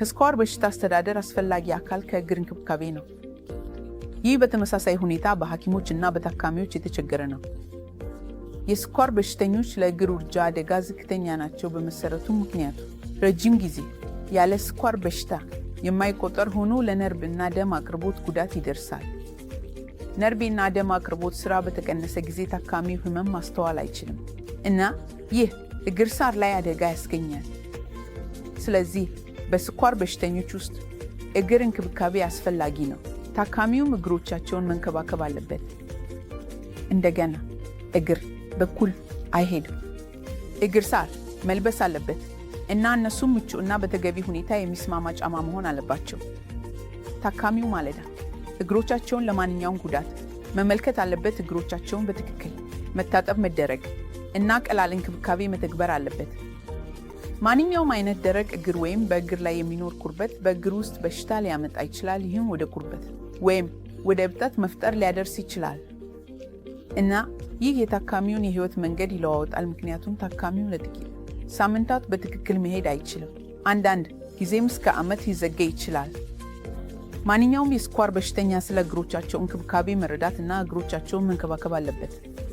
ከስኳር በሽታ አስተዳደር አስፈላጊ አካል ከእግር እንክብካቤ ነው። ይህ በተመሳሳይ ሁኔታ በሐኪሞች እና በታካሚዎች የተቸገረ ነው። የስኳር በሽተኞች ለእግር ውርጃ አደጋ ዝቅተኛ ናቸው። በመሰረቱ ምክንያቱ ረጅም ጊዜ ያለ ስኳር በሽታ የማይቆጠር ሆኖ ለነርቭ እና ደም አቅርቦት ጉዳት ይደርሳል። ነርቭ እና ደም አቅርቦት ስራ በተቀነሰ ጊዜ ታካሚው ህመም ማስተዋል አይችልም እና ይህ እግር ሳር ላይ አደጋ ያስገኛል። ስለዚህ በስኳር በሽተኞች ውስጥ እግር እንክብካቤ አስፈላጊ ነው። ታካሚውም እግሮቻቸውን መንከባከብ አለበት። እንደገና እግር በኩል አይሄድም። እግር ሳር መልበስ አለበት እና እነሱም ምቹ እና በተገቢ ሁኔታ የሚስማማ ጫማ መሆን አለባቸው። ታካሚው ማለዳ እግሮቻቸውን ለማንኛውም ጉዳት መመልከት አለበት። እግሮቻቸውን በትክክል መታጠብ መደረግ እና ቀላል እንክብካቤ መተግበር አለበት። ማንኛውም አይነት ደረቅ እግር ወይም በእግር ላይ የሚኖር ቁርበት በእግር ውስጥ በሽታ ሊያመጣ ይችላል። ይህም ወደ ቁርበት ወይም ወደ እብጠት መፍጠር ሊያደርስ ይችላል እና ይህ የታካሚውን የህይወት መንገድ ይለዋወጣል። ምክንያቱም ታካሚው ለጥቂት ሳምንታት በትክክል መሄድ አይችልም፣ አንዳንድ ጊዜም እስከ ዓመት ሊዘገይ ይችላል። ማንኛውም የስኳር በሽተኛ ስለ እግሮቻቸው እንክብካቤ መረዳት እና እግሮቻቸውን መንከባከብ አለበት።